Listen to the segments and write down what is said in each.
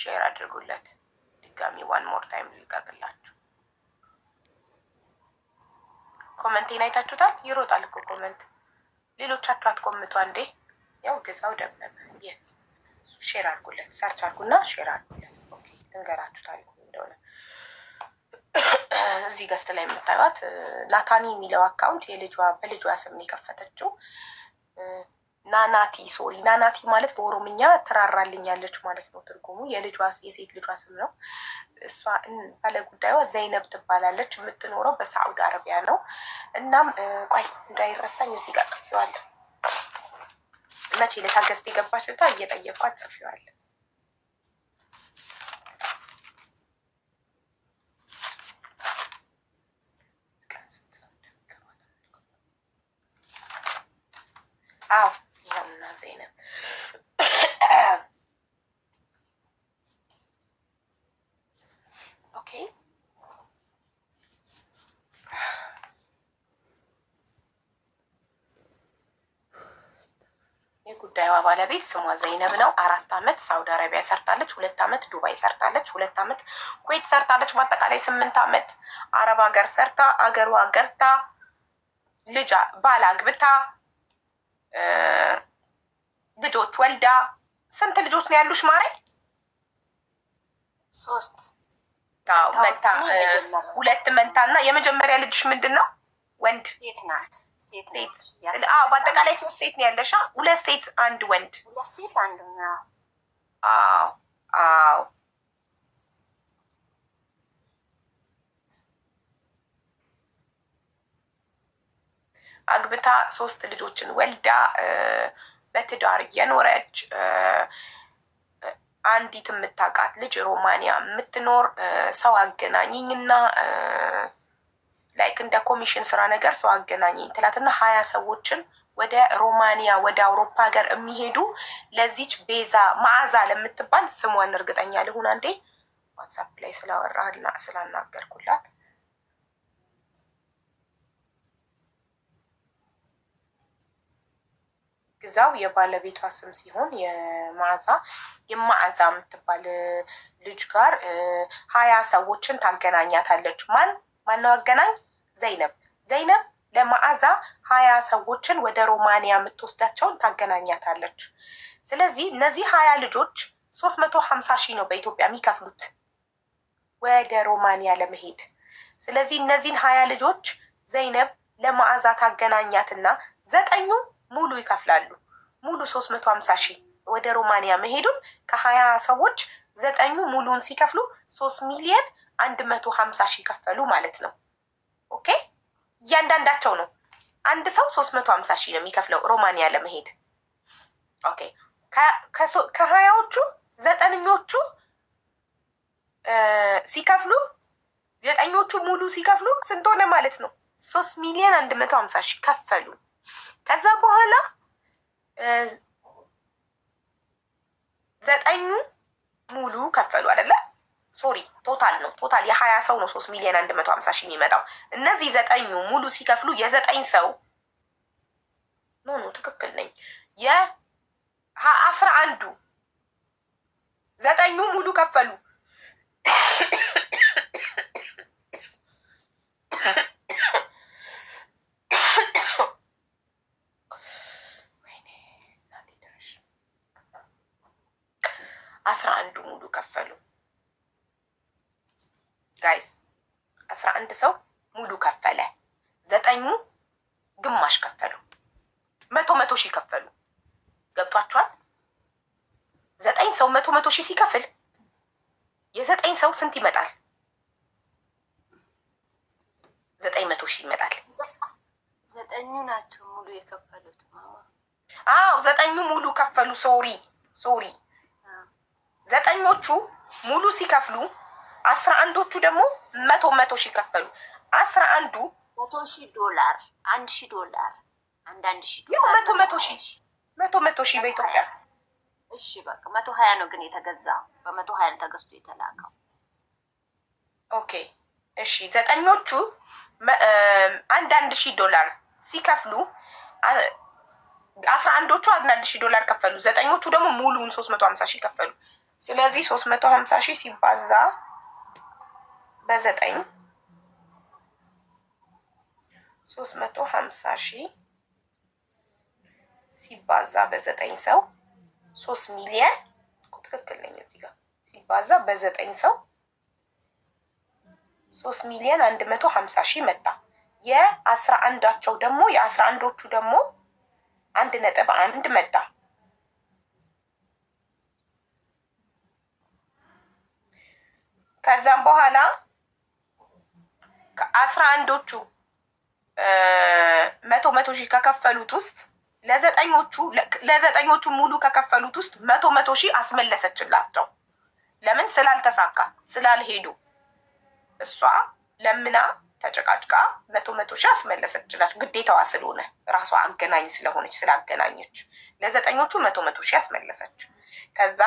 ሼር አድርጉለት። ድጋሚ ዋን ሞር ታይም ልቀቅላችሁ። ኮመንቴን አይታችሁታል? ይሮጣል እኮ ኮመንት። ሌሎቻችሁ አትቆምቷ እንዴ? ያው ገዛው ደበበ የት ሼር አድርጉለት። ሰርች አድርጉና ሼር አድርጉለት። ኦኬ ልንገራችሁ ታሪኩ እንደሆነ እዚህ ገስት ላይ የምታዩት ናታኒ የሚለው አካውንት የልጇ በልጇ ስም የከፈተችው ናናቲ ሶሪ ናናቲ ማለት በኦሮምኛ ትራራልኛለች ማለት ነው። ትርጉሙ የልጇ የሴት ልጇ ስም ነው። እሷ ባለ ጉዳዩዋ ዘይነብ ትባላለች። የምትኖረው በሳዑድ አረቢያ ነው። እናም ቆይ እንዳይረሳኝ እዚህ ጋር ጽፌዋለሁ። መቼ ለታገስት የገባችታ እየጠየኳት ጽፌዋለሁ። ባለቤት ስሟ ዘይነብ ነው። አራት አመት ሳውዲ አረቢያ ሰርታለች፣ ሁለት ዓመት ዱባይ ሰርታለች፣ ሁለት አመት ኩዌት ሰርታለች። በአጠቃላይ ስምንት አመት አረብ ሀገር ሰርታ አገሯ ገብታ ልጅ ባል አግብታ ልጆች ወልዳ ስንት ልጆች ነው ያሉሽ ማሬ? ሶስት ሁለት መንታ እና የመጀመሪያ ልጅሽ ምንድን ነው? ወንድ ሴት ናት። ሴት ናት። በአጠቃላይ ሶስት ሴት ነው ያለሻ። ሁለት ሴት አንድ ወንድ፣ ሁለት ሴት አንድ። አዎ አዎ። አግብታ ሶስት ልጆችን ወልዳ በትዳር የኖረች አንዲት የምታውቃት ልጅ ሮማንያ የምትኖር ሰው አገናኝኝና ላይክ እንደ ኮሚሽን ስራ ነገር ሰው አገናኘኝ ትላትና ሀያ ሰዎችን ወደ ሮማንያ ወደ አውሮፓ ሀገር የሚሄዱ ለዚች ቤዛ መዓዛ ለምትባል ስሟን እርግጠኛ ልሁን አንዴ ዋትሳፕ ላይ ስላወራና ስላናገርኩላት ግዛው የባለቤቷ ስም ሲሆን የማዛ የማዕዛ የምትባል ልጅ ጋር ሀያ ሰዎችን ታገናኛታለች ማን ማነው አገናኝ ዘይነብ ዘይነብ ለመዓዛ ሀያ ሰዎችን ወደ ሮማንያ የምትወስዳቸውን ታገናኛታለች። ስለዚህ እነዚህ ሀያ ልጆች ሶስት መቶ ሀምሳ ሺህ ነው በኢትዮጵያ የሚከፍሉት ወደ ሮማንያ ለመሄድ። ስለዚህ እነዚህን ሀያ ልጆች ዘይነብ ለመዓዛ ታገናኛትና ዘጠኙ ሙሉ ይከፍላሉ። ሙሉ ሶስት መቶ ሀምሳ ሺህ ወደ ሮማንያ መሄዱን ከሀያ ሰዎች ዘጠኙ ሙሉን ሲከፍሉ ሶስት ሚሊየን አንድ መቶ ሀምሳ ሺህ ከፈሉ ማለት ነው። ኦኬ እያንዳንዳቸው ነው። አንድ ሰው ሶስት መቶ ሀምሳ ሺህ ነው የሚከፍለው ሮማንያ ለመሄድ። ኦኬ ከሀያዎቹ ዘጠነኞቹ ሲከፍሉ ዘጠኞቹ ሙሉ ሲከፍሉ ስንት ሆነ ማለት ነው? ሶስት ሚሊዮን አንድ መቶ ሀምሳ ሺህ ከፈሉ። ከዛ በኋላ ዘጠኙ ሙሉ ከፈሉ አይደለ? ሶሪ ቶታል ነው ቶታል የሀያ ሰው ነው ሶስት ሚሊዮን አንድ መቶ ሀምሳ ሺህ የሚመጣው እነዚህ ዘጠኙ ሙሉ ሲከፍሉ የዘጠኝ ሰው ኖ ኖ ትክክል ነኝ የአስራ አንዱ ዘጠኙ ሙሉ ከፈሉ አስራ አንዱ ሙሉ ከፈሉ አንድ ሰው ሙሉ ከፈለ፣ ዘጠኙ ግማሽ ከፈሉ፣ መቶ መቶ ሺህ ከፈሉ። ገብቷችኋል? ዘጠኝ ሰው መቶ መቶ ሺህ ሲከፍል የዘጠኝ ሰው ስንት ይመጣል? ዘጠኝ መቶ ሺህ ይመጣል። ዘጠኙ ናቸው ሙሉ የከፈሉት። አዎ ዘጠኙ ሙሉ ከፈሉ። ሶሪ ሶሪ፣ ዘጠኞቹ ሙሉ ሲከፍሉ አስራ አንዶቹ ደግሞ መቶ መቶ ሺ ከፈሉ። አስራ አንዱ መቶ ሺ ዶላር አንድ ሺ ዶላር አንዳንድ ሺ ዶላር መቶ መቶ ሺ መቶ መቶ ሺ በኢትዮጵያ እሺ፣ በቃ መቶ ሀያ ነው ግን የተገዛ በመቶ ሀያ ተገዝቶ የተላከው። ኦኬ እሺ። ዘጠኞቹ አንዳንድ ሺ ዶላር ሲከፍሉ አስራ አንዶቹ አንዳንድ ሺ ዶላር ከፈሉ። ዘጠኞቹ ደግሞ ሙሉውን ሶስት መቶ ሀምሳ ሺ ከፈሉ። ስለዚህ ሶስት መቶ ሀምሳ ሺህ ሲባዛ በዘጠኝ ሶስት መቶ ሀምሳ ሺህ ሲባዛ በዘጠኝ ሰው ሶስት ሚሊየን ትክክል ነኝ። እዚህ ጋር ሲባዛ በዘጠኝ ሰው ሶስት ሚሊየን አንድ መቶ ሀምሳ ሺህ መጣ። የአስራ አንዳቸው ደግሞ የአስራ አንዶቹ ደግሞ አንድ ነጥብ አንድ መጣ። ከዛም በኋላ ከአስራ አንዶቹ መቶ መቶ ሺህ ከከፈሉት ውስጥ ለዘጠኞቹ ለዘጠኞቹ ሙሉ ከከፈሉት ውስጥ መቶ መቶ ሺህ አስመለሰችላቸው። ለምን ስላልተሳካ ስላልሄዱ እሷ ለምና ተጨቃጭቃ መቶ መቶ ሺህ አስመለሰችላቸው። ግዴታዋ ስለሆነ ራሷ አገናኝ ስለሆነች ስላገናኘች ለዘጠኞቹ መቶ መቶ ሺህ አስመለሰች። ከዛ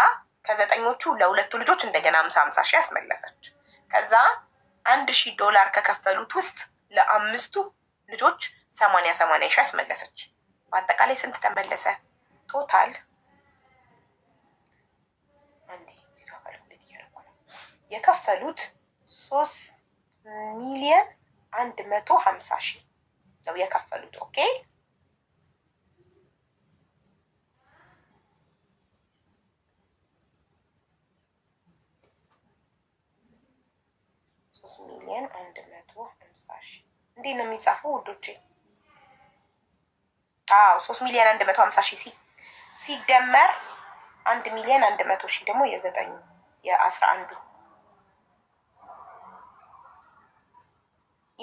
ከዘጠኞቹ ለሁለቱ ልጆች እንደገና አምሳ አምሳ ሺህ አስመለሰች። ከዛ አንድ ሺ ዶላር ከከፈሉት ውስጥ ለአምስቱ ልጆች ሰማንያ ሰማንያ ሺ አስመለሰች። በአጠቃላይ ስንት ተመለሰ? ቶታል የከፈሉት ሶስት ሚሊየን አንድ መቶ ሀምሳ ሺ ነው የከፈሉት። ኦኬ ሶስት ሚሊዮን አንድ መቶ ሀምሳ ሺህ እንዴት ነው የሚጻፈው ውዶቼ? አዎ ሶስት ሚሊዮን አንድ መቶ ሀምሳ ሺህ ሲደመር አንድ ሚሊዮን አንድ መቶ ሺህ ደግሞ የዘጠኙ የአስራ አንዱ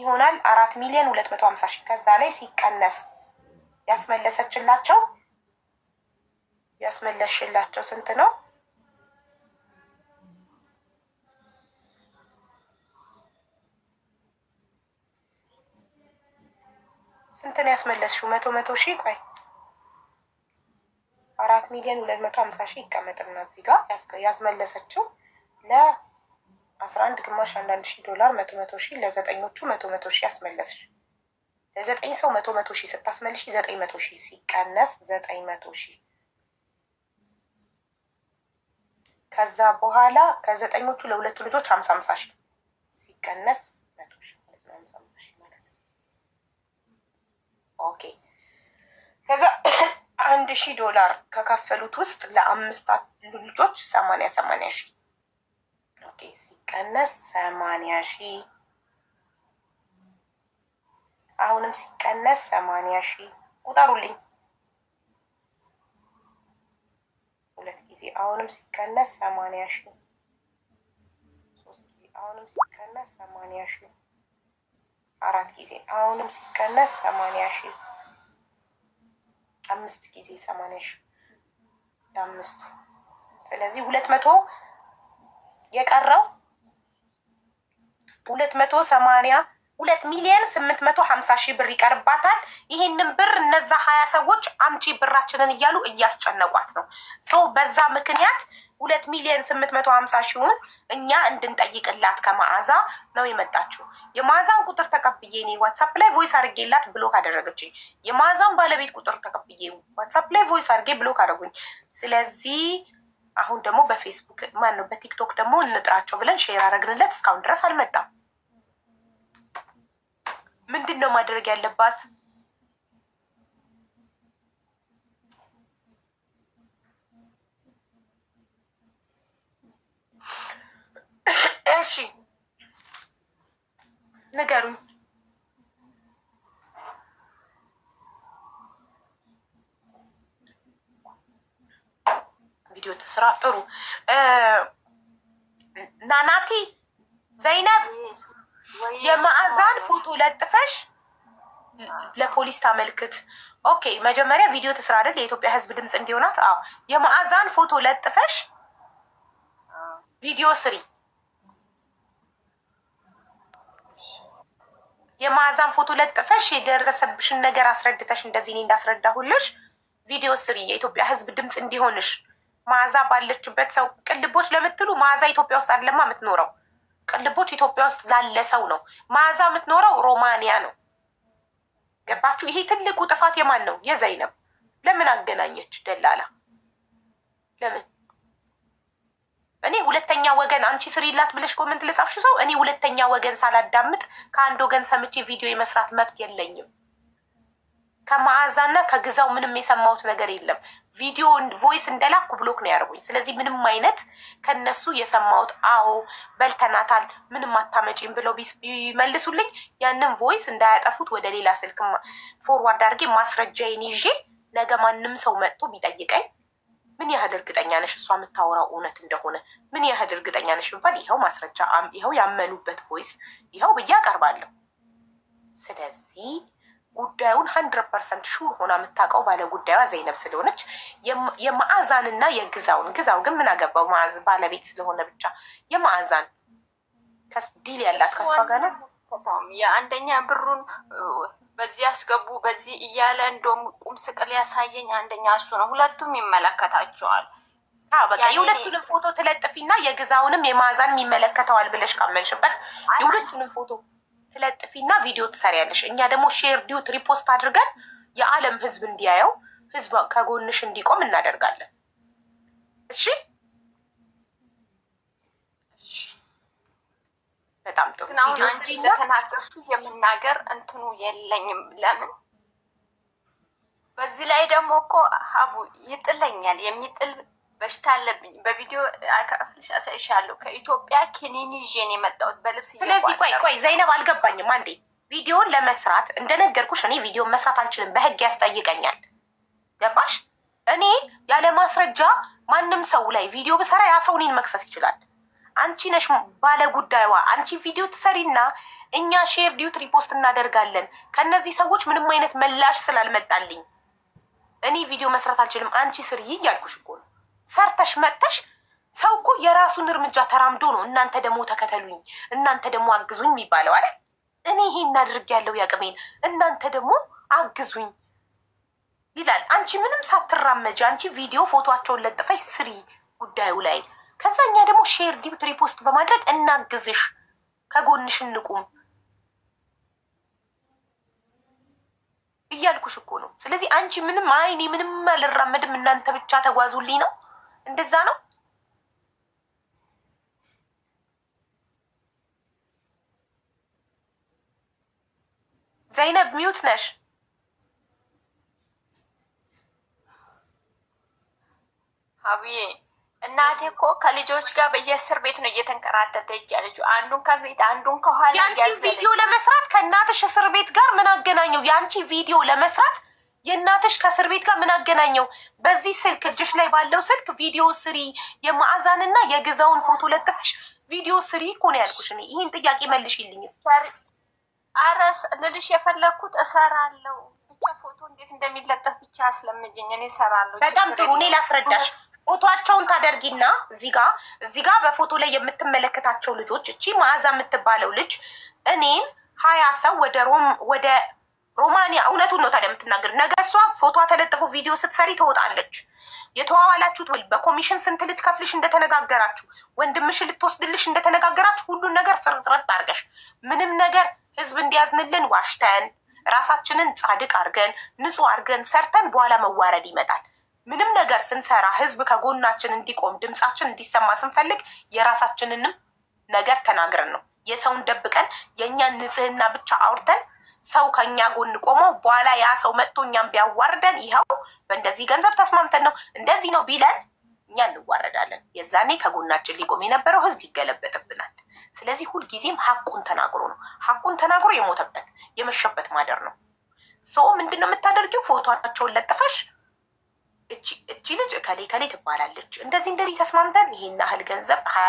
ይሆናል አራት ሚሊዮን ሁለት መቶ ሀምሳ ሺህ ከዛ ላይ ሲቀነስ ያስመለሰችላቸው ያስመለስሽላቸው ስንት ነው? ስንት ነው ያስመለስሽው? መቶ መቶ ሺህ ቆይ አራት ሚሊዮን ሁለት መቶ ሀምሳ ሺህ ይቀመጥና እዚህ ጋር ያስመለሰችው ለአስራ አንድ ግማሽ አንዳንድ ሺህ ዶላር መቶ መቶ ሺህ ለዘጠኞቹ መቶ መቶ ሺህ ያስመለስሽ ለዘጠኝ ሰው መቶ መቶ ሺህ ስታስመልሽ ዘጠኝ መቶ ሺህ ሲቀነስ ዘጠኝ መቶ ሺህ ከዛ በኋላ ከዘጠኞቹ ለሁለቱ ልጆች ሀምሳ ሀምሳ ሺህ ሲቀነስ መቶ ሺህ ኦኬ። ከዛ አንድ ሺህ ዶላር ከከፈሉት ውስጥ ለአምስት ልጆች ሰማንያ ሰማንያ ሺህ ኦኬ፣ ሲቀነስ ሰማንያ ሺህ አሁንም ሲቀነስ ሰማንያ ሺህ ቁጠሩልኝ። ሁለት ጊዜ አሁንም ሲቀነስ ሰማንያ ሺህ ሶስት ጊዜ አሁንም ሲቀነስ ሰማንያ ሺህ አራት ጊዜ አሁንም ሲቀነስ ሰማንያ ሺ አምስት ጊዜ ሰማንያ ሺ ለአምስቱ ስለዚህ ሁለት መቶ የቀረው ሁለት መቶ ሰማንያ ሁለት ሚሊየን ስምንት መቶ ሀምሳ ሺህ ብር ይቀርባታል። ይህንን ብር እነዛ ሀያ ሰዎች አምጪ ብራችንን እያሉ እያስጨነቋት ነው ሰው በዛ ምክንያት ሁለት ሚሊዮን ስምንት መቶ ሀምሳ ሺውን እኛ እንድንጠይቅላት ከመዓዛ ነው የመጣችው። የመዓዛን ቁጥር ተቀብዬ እኔ ዋትሳፕ ላይ ቮይስ አድርጌላት ብሎክ አደረገችኝ። የመዓዛን ባለቤት ቁጥር ተቀብዬ ዋትሳፕ ላይ ቮይስ አድርጌ ብሎክ አደረጉኝ። ስለዚህ አሁን ደግሞ በፌስቡክ ማን ነው በቲክቶክ ደግሞ እንጥራቸው ብለን ሼር አረግንለት እስካሁን ድረስ አልመጣም። ምንድን ነው ማድረግ ያለባት? እሺ ንገሩኝ። ቪዲዮ ተስራ ጥሩ ናናቲ ዘይነብ የማዕዛን ፎቶ ለጥፈሽ ለፖሊስ ታመልክት። ኦኬ መጀመሪያ ቪዲዮ ትስራ አይደል? የኢትዮጵያ ሕዝብ ድምፅ እንዲሆናት። አዎ የማዕዛን ፎቶ ለጥፈሽ ቪዲዮ ስሪ። የማዛን ፎቶ ለጥፈሽ የደረሰብሽን ነገር አስረድተሽ እንደዚህ እኔ እንዳስረዳሁልሽ ቪዲዮ ስሪ፣ የኢትዮጵያ ህዝብ ድምፅ እንዲሆንሽ ማዛ ባለችበት ሰው ቅልቦች ለምትሉ ማዛ ኢትዮጵያ ውስጥ አይደለማ የምትኖረው። ቅልቦች ኢትዮጵያ ውስጥ ላለ ሰው ነው። ማዛ የምትኖረው ሮማንያ ነው። ገባችሁ? ይሄ ትልቁ ጥፋት የማን ነው? የዘይነብ። ለምን አገናኘች ደላላ? ለምን እኔ ሁለተኛ ወገን አንቺ ስሪላት ብለሽ ኮመንት ለጻፍሽ ሰው እኔ ሁለተኛ ወገን ሳላዳምጥ ከአንድ ወገን ሰምቼ ቪዲዮ የመስራት መብት የለኝም። ከመዓዛና ከግዛው ምንም የሰማሁት ነገር የለም። ቪዲዮ ቮይስ እንደላኩ ብሎክ ነው ያደርጉኝ። ስለዚህ ምንም አይነት ከነሱ የሰማሁት አዎ በልተናታል፣ ምንም አታመጪም ብለው ቢመልሱልኝ ያንን ቮይስ እንዳያጠፉት ወደ ሌላ ስልክ ፎርዋርድ አድርጌ ማስረጃዬን ይዤ ነገ ማንም ሰው መጥቶ ቢጠይቀኝ ምን ያህል እርግጠኛ ነሽ እሷ የምታወራው እውነት እንደሆነ? ምን ያህል እርግጠኛ ነሽ ብባል ይኸው ማስረጃ፣ ይኸው ያመኑበት ቮይስ፣ ይኸው ብዬ አቀርባለሁ። ስለዚህ ጉዳዩን ሀንድረድ ፐርሰንት ሹር ሆና የምታውቀው ባለ ጉዳዩ ዘይነብ ስለሆነች የማዕዛንና የግዛውን ግዛው ግን ምን አገባው ባለቤት ስለሆነ ብቻ የማዕዛን ዲል ያላት ከሷ ጋር ነው የአንደኛ ብሩን በዚህ ያስገቡ በዚህ እያለ እንደውም ቁም ስቅል ያሳየኝ አንደኛ እሱ ነው። ሁለቱም ይመለከታቸዋል። በቃ የሁለቱንም ፎቶ ትለጥፊና የግዛውንም የማዛንም ይመለከተዋል ብለሽ ካመንሽበት የሁለቱንም ፎቶ ትለጥፊና ቪዲዮ ትሰሪያለሽ። እኛ ደግሞ ሼር ዲዩት ሪፖስት አድርገን የዓለም ህዝብ እንዲያየው ህዝብ ከጎንሽ እንዲቆም እናደርጋለን። እሺ በጣም ጥሩ። ግን አሁን አንቺ እንደተናገርሽው የምናገር እንትኑ የለኝም። ለምን በዚህ ላይ ደግሞ እኮ ሀቡ ይጥለኛል። የሚጥል በሽታ አለብኝ። በቪዲዮ ከፍልሽ አሳይሻለሁ። ከኢትዮጵያ ክኒን የመጣውት የመጣሁት በልብስ። ስለዚህ ቆይ ቆይ ዘይነብ አልገባኝም። አንዴ ቪዲዮን ለመስራት እንደነገርኩሽ እኔ ቪዲዮን መስራት አልችልም፣ በህግ ያስጠይቀኛል። ገባሽ? እኔ ያለ ማስረጃ ማንም ሰው ላይ ቪዲዮ ብሰራ ያ ሰው እኔን መክሰስ ይችላል። አንቺ ነሽ ባለ ጉዳይዋ። አንቺ ቪዲዮ ትሰሪና እኛ ሼር ዲዩት ሪፖስት እናደርጋለን። ከእነዚህ ሰዎች ምንም አይነት ምላሽ ስላልመጣልኝ እኔ ቪዲዮ መስራት አልችልም። አንቺ ስሪ እያልኩሽ እኮ ነው። ሰርተሽ መጥተሽ ሰው እኮ የራሱን እርምጃ ተራምዶ ነው። እናንተ ደግሞ ተከተሉኝ፣ እናንተ ደግሞ አግዙኝ የሚባለው አለ። እኔ ይሄ እናድርግ ያለው ያቅሜን፣ እናንተ ደግሞ አግዙኝ ይላል። አንቺ ምንም ሳትራመጂ አንቺ ቪዲዮ ፎቶቸውን ለጥፈሽ ስሪ ጉዳዩ ላይ ከዛ እኛ ደግሞ ሼር ዲዩት ሪፖስት በማድረግ እናግዝሽ፣ ከጎንሽ እንቁም እያልኩሽ እኮ ነው። ስለዚህ አንቺ ምንም አይኔ ምንም አልራመድም እናንተ ብቻ ተጓዙልኝ ነው፣ እንደዛ ነው። ዘይነብ ሚውት ነሽ? አብዬ እናቴ እኮ ከልጆች ጋር በየእስር ቤት ነው እየተንከራተተች ያለችው። አንዱን ከቤት አንዱን ከኋላ። ያንቺን ቪዲዮ ለመስራት ከእናትሽ እስር ቤት ጋር ምን አገናኘው? የአንቺ ቪዲዮ ለመስራት የእናትሽ ከእስር ቤት ጋር ምን አገናኘው? በዚህ ስልክ እጅሽ ላይ ባለው ስልክ ቪዲዮ ስሪ፣ የማዕዛንና የግዛውን ፎቶ ለጥፈሽ ቪዲዮ ስሪ እኮ ነው ያልኩሽ። እኔ ይህን ጥያቄ መልሽልኝ። አረስ ልልሽ የፈለግኩት እሰራለሁ ብቻ ፎቶ እንዴት እንደሚለጠፍ ብቻ አስለምጅኝ። እኔ እሰራለሁ። በጣም ጥሩ። እኔ ላስረዳሽ ፎቶቸውን ታደርጊና እዚህ ጋ እዚህ ጋ በፎቶ ላይ የምትመለከታቸው ልጆች እቺ መዓዛ የምትባለው ልጅ እኔን ሀያ ሰው ወደ ሮም ወደ ሮማንያ እውነቱን ነው ታዲያ የምትናገር ነገ እሷ ፎቶ ተለጥፎ ቪዲዮ ስትሰሪ ትወጣለች። የተዋዋላችሁት ወይ በኮሚሽን ስንት ልትከፍልሽ እንደተነጋገራችሁ፣ ወንድምሽ ልትወስድልሽ እንደተነጋገራችሁ ሁሉን ነገር ፍርጥርጥ አድርገሽ ምንም ነገር ህዝብ እንዲያዝንልን ዋሽተን ራሳችንን ጻድቅ አድርገን ንጹህ አድርገን ሰርተን በኋላ መዋረድ ይመጣል። ምንም ነገር ስንሰራ ህዝብ ከጎናችን እንዲቆም ድምጻችን እንዲሰማ ስንፈልግ የራሳችንንም ነገር ተናግረን ነው። የሰውን ደብቀን የእኛን ንጽህና ብቻ አውርተን ሰው ከኛ ጎን ቆመው በኋላ ያ ሰው መጥቶ እኛም ቢያዋርደን ይኸው በእንደዚህ ገንዘብ ተስማምተን ነው እንደዚህ ነው ቢለን እኛ እንዋረዳለን። የዛኔ ከጎናችን ሊቆም የነበረው ህዝብ ይገለበጥብናል። ስለዚህ ሁልጊዜም ሀቁን ተናግሮ ነው ሀቁን ተናግሮ የሞተበት የመሸበት ማደር ነው። ሰው ምንድን ነው የምታደርጊው? ፎቶቸውን ለጥፈሽ እቺ ልጅ እከሌ ከሌ ትባላለች፣ እንደዚህ እንደዚህ ተስማምተን ይሄን ያህል ገንዘብ ሀያ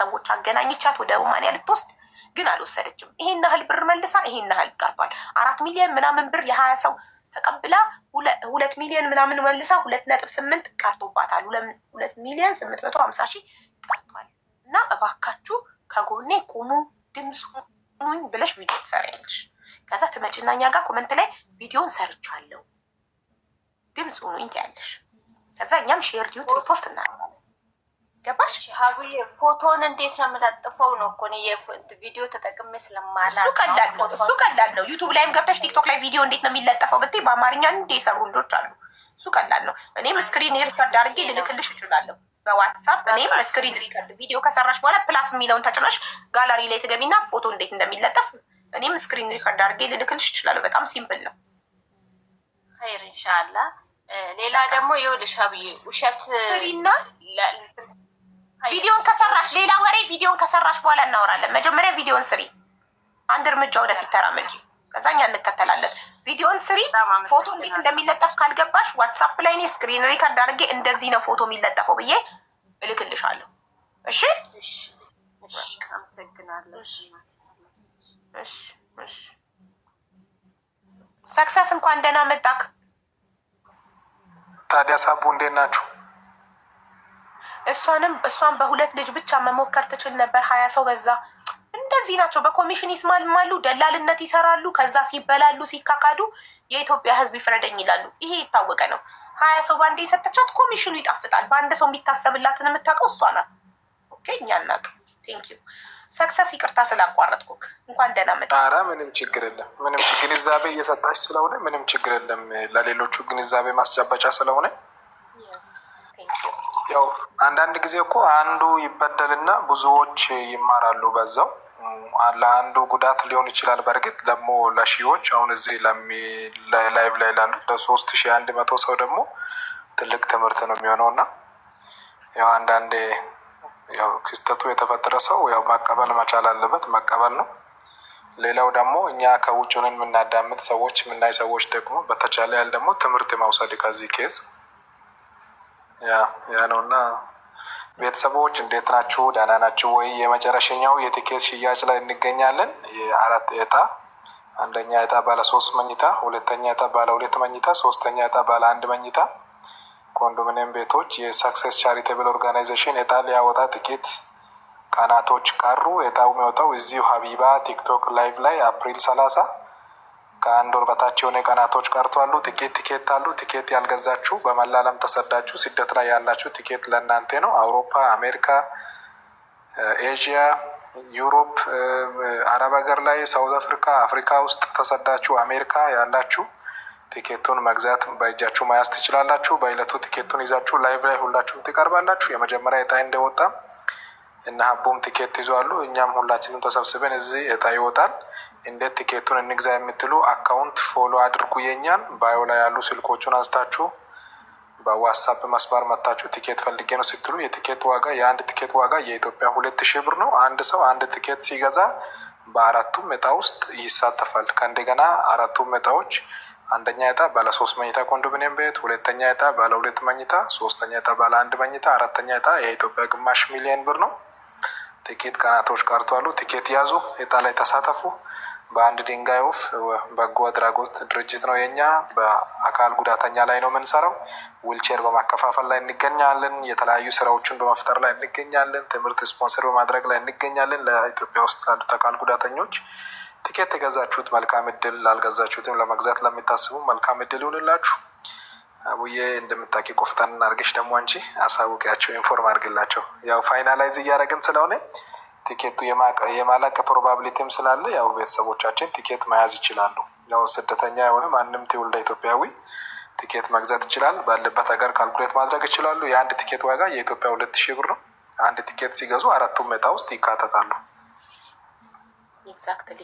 ሰዎች አገናኝቻት ወደ ሩማንያ ልትወስድ ግን አልወሰደችም። ይሄን ያህል ብር መልሳ ይሄን ያህል ቀርቷል፣ አራት ሚሊዮን ምናምን ብር የሀያ ሰው ተቀብላ ሁለት ሚሊዮን ምናምን መልሳ ሁለት ነጥብ ስምንት ቀርቶባታል። ሁለት ሚሊዮን ስምንት መቶ ሀምሳ ሺህ ቀርቷል። እና እባካችሁ ከጎኔ ቁሙ፣ ድምፅ ሁኑኝ ብለሽ ቪዲዮ ትሰሪያለሽ። ከዛ ትመጭና እኛ ጋር ኮመንት ላይ ቪዲዮን ሰርቻለሁ ድምፅ ሆኖኝ ያለሽ ከዛ እኛም ሼር ዲዩት ፖስት እናደርጋለን። ገባሽ ሀብዬ? ፎቶን እንዴት ነው የምለጥፈው? ነው እኮ ቪዲዮ ተጠቅሜ ስለማላ እሱ ቀላል ነው። ዩቱብ ላይም ገብተሽ ቲክቶክ ላይ ቪዲዮ እንዴት ነው የሚለጠፈው ብትይ በአማርኛ እንደ የሰሩ ልጆች አሉ። እሱ ቀላል ነው። እኔም ስክሪን ሪከርድ አድርጌ ልልክልሽ እችላለሁ በዋትሳፕ እኔም ስክሪን ሪከርድ ቪዲዮ ከሰራሽ በኋላ ፕላስ የሚለውን ተጭነሽ ጋላሪ ላይ ትገቢና ፎቶ እንዴት እንደሚለጠፍ እኔም ስክሪን ሪከርድ አድርጌ ልልክልሽ እችላለሁ። በጣም ሲምፕል ነው። ኸይር ኢንሻላህ ሌላ ደግሞ ይኸውልሽ አብዬ ውሸት ቪዲዮን ከሰራሽ ሌላ ወሬ ቪዲዮን ከሰራሽ በኋላ እናወራለን። መጀመሪያ ቪዲዮን ስሪ፣ አንድ እርምጃ ወደፊት ተራመጂ፣ ከዛ እኛ እንከተላለን። ቪዲዮን ስሪ። ፎቶ እንዴት እንደሚለጠፍ ካልገባሽ ዋትሳፕ ላይ እኔ ስክሪን ሪከርድ አድርጌ እንደዚህ ነው ፎቶ የሚለጠፈው ብዬ እልክልሻለሁ። እሺ፣ አመሰግናለሁ። ሰክሰስ እንኳን ደህና መጣክ። ታዲያ ሳቡ እንዴት ናችሁ? እሷንም እሷን በሁለት ልጅ ብቻ መሞከር ትችል ነበር። ሀያ ሰው በዛ። እንደዚህ ናቸው። በኮሚሽን ይስማልማሉ ደላልነት ይሰራሉ፣ ከዛ ሲበላሉ ሲካካዱ የኢትዮጵያ ሕዝብ ይፍረደኝ ይላሉ። ይሄ የታወቀ ነው። ሀያ ሰው በአንድ የሰጠቻት ኮሚሽኑ ይጣፍጣል። በአንድ ሰው የሚታሰብላትን የምታውቀው እሷ ናት። ኦኬ እኛ እናቅ። ቴንኪዩ ሰክሰስ ይቅርታ ስላቋረጥኩ እንኳን ደህና መጣ። ኧረ ምንም ችግር የለም፣ ምንም ግንዛቤ እየሰጣች ስለሆነ ምንም ችግር የለም። ለሌሎቹ ግንዛቤ ማስጨበጫ ስለሆነ ያው አንዳንድ ጊዜ እኮ አንዱ ይበደልና ብዙዎች ይማራሉ በዛው። ለአንዱ ጉዳት ሊሆን ይችላል። በእርግጥ ደግሞ ለሺዎች አሁን እዚህ ላይቭ ላይ ላሉ ለሶስት ሺህ አንድ መቶ ሰው ደግሞ ትልቅ ትምህርት ነው የሚሆነው እና ያው አንዳንዴ ያው ክስተቱ የተፈጠረ ሰው ያው መቀበል መቻል አለበት፣ መቀበል ነው። ሌላው ደግሞ እኛ ከውጭ ሆነን የምናዳምጥ ሰዎች የምናይ ሰዎች ደግሞ በተቻለ ያህል ደግሞ ትምህርት የማውሰድ ከዚህ ኬዝ ያ ያ ነው እና ቤተሰቦች እንዴት ናችሁ? ደህና ናችሁ ወይ? የመጨረሻኛው የቲኬት ሽያጭ ላይ እንገኛለን። የአራት እጣ አንደኛ እጣ ባለ ሶስት መኝታ፣ ሁለተኛ እጣ ባለ ሁለት መኝታ፣ ሶስተኛ እጣ ባለ አንድ መኝታ ኮንዶሚኒየም ቤቶች የሳክሰስ ቻሪቴብል ኦርጋናይዜሽን እጣ ሊያወጣ ጥቂት ቀናቶች ቀሩ። እጣው የሚወጣው እዚሁ ሀቢባ ቲክቶክ ላይቭ ላይ አፕሪል ሰላሳ ከአንድ ወር በታች የሆነ ቀናቶች ቀርቷሉ። ትኬት ቲኬት አሉ። ቲኬት ያልገዛችሁ በመላ ዓለም ተሰዳችሁ ስደት ላይ ያላችሁ ቲኬት ለእናንተ ነው። አውሮፓ፣ አሜሪካ፣ ኤዥያ፣ ዩሮፕ፣ አረብ ሀገር ላይ፣ ሳውዝ አፍሪካ፣ አፍሪካ ውስጥ ተሰዳችሁ አሜሪካ ያላችሁ ቲኬቱን መግዛት በእጃችሁ መያዝ ትችላላችሁ። በዕለቱ ቲኬቱን ይዛችሁ ላይቭ ላይ ሁላችሁም ትቀርባላችሁ። የመጀመሪያ እጣ እንደወጣ እና ሀቡም ቲኬት ይዟሉ። እኛም ሁላችንም ተሰብስበን እዚህ እጣ ይወጣል። እንዴት ቲኬቱን እንግዛ የምትሉ አካውንት ፎሎ አድርጉ። የኛን ባዮ ላይ ያሉ ስልኮቹን አንስታችሁ በዋትሳፕ መስመር መታችሁ ቲኬት ፈልጌ ነው ስትሉ የቲኬት ዋጋ የአንድ ቲኬት ዋጋ የኢትዮጵያ ሁለት ሺህ ብር ነው። አንድ ሰው አንድ ቲኬት ሲገዛ በአራቱም እጣ ውስጥ ይሳተፋል። ከእንደገና አራቱም እጣዎች አንደኛ እጣ ባለ ሶስት መኝታ ኮንዶሚኒየም ቤት፣ ሁለተኛ እጣ ባለ ሁለት መኝታ፣ ሶስተኛ እጣ ባለ አንድ መኝታ፣ አራተኛ እጣ የኢትዮጵያ ግማሽ ሚሊዮን ብር ነው። ጥቂት ቀናቶች ቀርቷሉ። ቲኬት ያዙ፣ እጣ ላይ ተሳተፉ። በአንድ ድንጋይ ወፍ በጎ አድራጎት ድርጅት ነው የኛ። በአካል ጉዳተኛ ላይ ነው የምንሰራው። ዊልቸር በማከፋፈል ላይ እንገኛለን። የተለያዩ ስራዎችን በመፍጠር ላይ እንገኛለን። ትምህርት ስፖንሰር በማድረግ ላይ እንገኛለን። ለኢትዮጵያ ውስጥ ላሉት አካል ጉዳተኞች ትኬት የገዛችሁት መልካም እድል፣ ላልገዛችሁትም ለመግዛት ለሚታስቡ መልካም እድል ይሁንላችሁ። አቡዬ እንደምታውቂ ቆፍጠን አድርገሽ ደግሞ አንቺ አሳውቂያቸው፣ ኢንፎርም አድርግላቸው። ያው ፋይናላይዝ እያደረግን ስለሆነ ቲኬቱ የማለቅ ፕሮባብሊቲም ስላለ ያው ቤተሰቦቻችን ቲኬት መያዝ ይችላሉ። ያው ስደተኛ የሆነ ማንም ትውልደ ኢትዮጵያዊ ቲኬት መግዛት ይችላል። ባለበት ሀገር ካልኩሌት ማድረግ ይችላሉ። የአንድ ቲኬት ዋጋ የኢትዮጵያ ሁለት ሺህ ብር ነው። አንድ ቲኬት ሲገዙ አራቱም ሜታ ውስጥ ይካተታሉ። ኤግዛክትሊ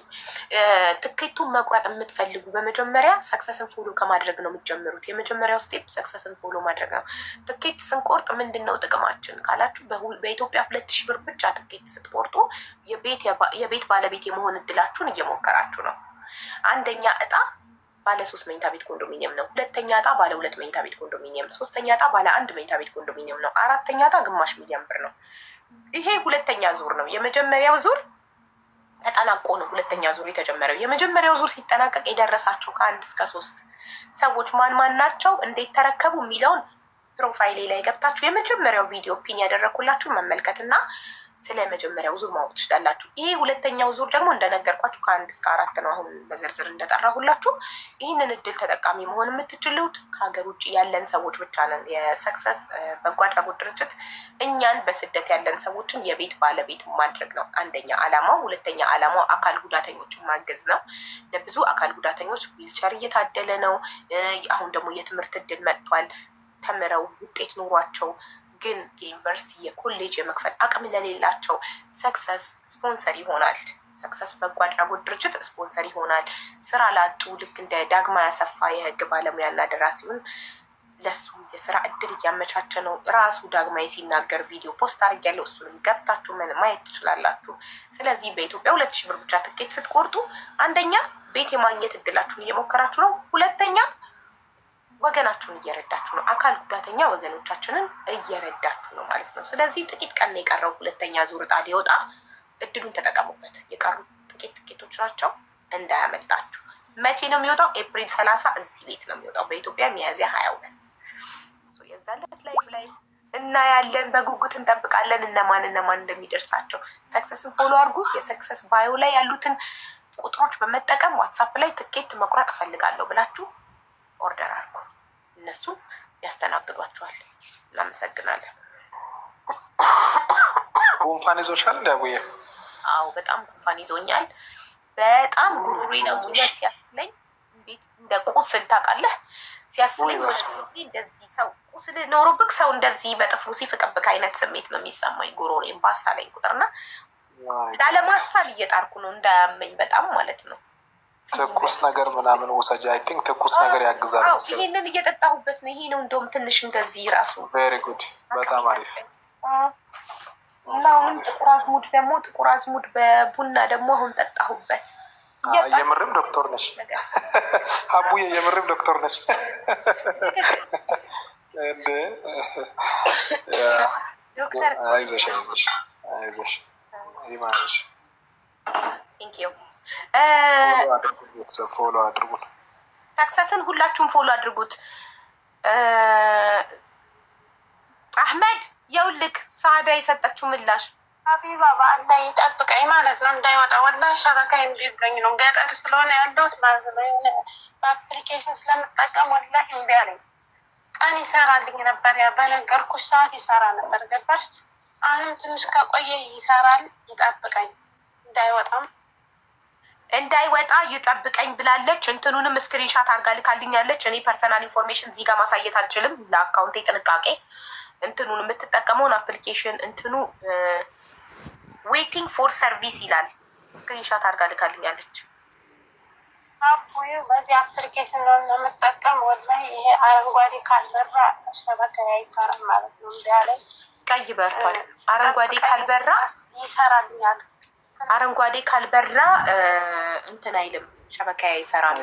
ትኬቱን መቁረጥ የምትፈልጉ በመጀመሪያ ሰክሰስን ፎሎ ከማድረግ ነው የምትጀምሩት። የመጀመሪያው ስቴፕ ሰክሰስን ፎሎ ማድረግ ነው። ትኬት ስንቆርጥ ምንድን ነው ጥቅማችን ካላችሁ በኢትዮጵያ ሁለት ሺህ ብር ብቻ ትኬት ስትቆርጡ የቤት ባለቤት የመሆን እድላችሁን እየሞከራችሁ ነው። አንደኛ እጣ ባለ ሶስት መኝታ ቤት ኮንዶሚኒየም ነው። ሁለተኛ እጣ ባለ ሁለት መኝታ ቤት ኮንዶሚኒየም፣ ሶስተኛ እጣ ባለ አንድ መኝታ ቤት ኮንዶሚኒየም ነው። አራተኛ እጣ ግማሽ ሚሊዮን ብር ነው። ይሄ ሁለተኛ ዙር ነው። የመጀመሪያው ዙር ተጠናቆ ነው ሁለተኛ ዙር የተጀመረው። የመጀመሪያው ዙር ሲጠናቀቅ የደረሳቸው ከአንድ እስከ ሶስት ሰዎች ማን ማን ናቸው፣ እንዴት ተረከቡ የሚለውን ፕሮፋይሌ ላይ ገብታችሁ የመጀመሪያው ቪዲዮ ፒን ያደረግኩላችሁ መመልከት እና ስለ መጀመሪያው ዙር ማወቅ ትችላላችሁ። ይህ ሁለተኛው ዙር ደግሞ እንደነገርኳችሁ ከአንድ እስከ አራት ነው። አሁን በዝርዝር እንደጠራሁላችሁ ይህንን እድል ተጠቃሚ መሆን የምትችሉት ከሀገር ውጭ ያለን ሰዎች ብቻ ነን። የሰክሰስ በጎ አድራጎት ድርጅት እኛን በስደት ያለን ሰዎችን የቤት ባለቤት ማድረግ ነው አንደኛ አላማው። ሁለተኛ ዓላማው አካል ጉዳተኞችን ማገዝ ነው። ለብዙ አካል ጉዳተኞች ዊልቸር እየታደለ ነው። አሁን ደግሞ የትምህርት እድል መጥቷል። ተምረው ውጤት ኑሯቸው። ግን የዩኒቨርሲቲ የኮሌጅ የመክፈል አቅም ለሌላቸው ሰክሰስ ስፖንሰር ይሆናል። ሰክሰስ በጎ አድራጎት ድርጅት ስፖንሰር ይሆናል። ስራ ላጡ ልክ እንደ ዳግማ ያሰፋ የህግ ባለሙያና ደራሲውን ለሱ የስራ እድል እያመቻቸ ነው። ራሱ ዳግማዊ ሲናገር ቪዲዮ ፖስት አድርጊያለሁ። እሱንም ገብታችሁ ምን ማየት ትችላላችሁ። ስለዚህ በኢትዮጵያ ሁለት ሺህ ብር ብቻ ትኬት ስትቆርጡ አንደኛ ቤት የማግኘት እድላችሁን እየሞከራችሁ ነው። ሁለተኛ ወገናችሁን እየረዳችሁ ነው። አካል ጉዳተኛ ወገኖቻችንን እየረዳችሁ ነው ማለት ነው። ስለዚህ ጥቂት ቀን የቀረው ሁለተኛ ዙር ዕጣ ሊወጣ፣ እድሉን ተጠቀሙበት። የቀሩ ጥቂት ጥቂቶች ናቸው፣ እንዳያመልጣችሁ። መቼ ነው የሚወጣው? ኤፕሪል ሰላሳ እዚህ ቤት ነው የሚወጣው በኢትዮጵያ ሚያዝያ ሀያ ሁለት የዛለት ዕለት ላይ እናያለን። በጉጉት እንጠብቃለን እነማን እነማን እንደሚደርሳቸው። ሰክሰስን ፎሎ አድርጉ። የሰክሰስ ባዮ ላይ ያሉትን ቁጥሮች በመጠቀም ዋትሳፕ ላይ ትኬት መቁረጥ እፈልጋለሁ ብላችሁ ኦርደር አድርጉ። እነሱ ያስተናግዷቸዋል። እናመሰግናለን። ጉንፋን ይዞሻል ዳቡዬ? አዎ በጣም ጉንፋን ይዞኛል። በጣም ነው ደግሞ ሲያስለኝ እንዴት እንደ ቁስል ታውቃለህ፣ ሲያስለኝ እንደዚህ ሰው ቁስል ኖሮብክ ሰው እንደዚህ በጥፍሩ ሲፍቅብክ አይነት ስሜት ነው የሚሰማኝ። ጉሮሬን ባሳለኝ ቁጥርና ላለማሳል እየጣርኩ ነው እንዳያመኝ በጣም ማለት ነው። ትኩስ ነገር ምናምን ውሰጂ። አይ ቲንክ ትኩስ ነገር ያግዛል መሰለኝ። ይሄንን እየጠጣሁበት ነው። ይሄ ነው እንደውም ትንሽ እንደዚህ ራሱ። ቬሪ ጉድ በጣም አሪፍ እና አሁንም ጥቁር አዝሙድ ደግሞ ጥቁር አዝሙድ በቡና ደግሞ አሁን ጠጣሁበት። የምርም ዶክተር ነሽ አቡዬ፣ የምርም ዶክተር ነሽ እንዴ? ዶክተር አይዞሽ፣ አይዞሽ፣ አይዞሽ፣ ይማርሽ። ቴንኪዩ ፎሎ አድርጉት። ሰክሰስን ሁላችሁም ፎሎ አድርጉት። አህመድ የውልክ ሳዳ የሰጠችው ምላሽ ሀቢባ በዓል ላይ ይጠብቀኝ ማለት ነው እንዳይወጣ ወላ ሸበካ የሚብኝ ነው። ገጠር ስለሆነ ያለሁት በአፕሊኬሽን ስለምጠቀም ወላ እምቢ አለኝ። ቀን ይሰራልኝ ነበር፣ ያ በነገርኩሽ ሰዓት ይሰራ ነበር። ገባሽ? አሁንም ትንሽ ከቆየ ይሰራል። ይጠብቀኝ እንዳይወጣም እንዳይወጣ ይጠብቀኝ ብላለች። እንትኑንም ስክሪንሻት አርጋ ልካልኛለች። እኔ ፐርሰናል ኢንፎርሜሽን እዚህ ጋር ማሳየት አልችልም። ለአካውንቴ ጥንቃቄ እንትኑን የምትጠቀመውን አፕሊኬሽን እንትኑ ዌይቲንግ ፎር ሰርቪስ ይላል። ስክሪንሻት አርጋ ልካልኛለች። በዚህ አፕሊኬሽን ነው የምጠቀም። ወላ ይሄ አረንጓዴ ካልበራ ሸበከያ ይሰራል ማለት ነው። እንዳለ ቀይ በርቷል። አረንጓዴ ካልበራ ይሰራልኛል አረንጓዴ ካልበራ እንትን አይልም ሸበካያ ይሰራል።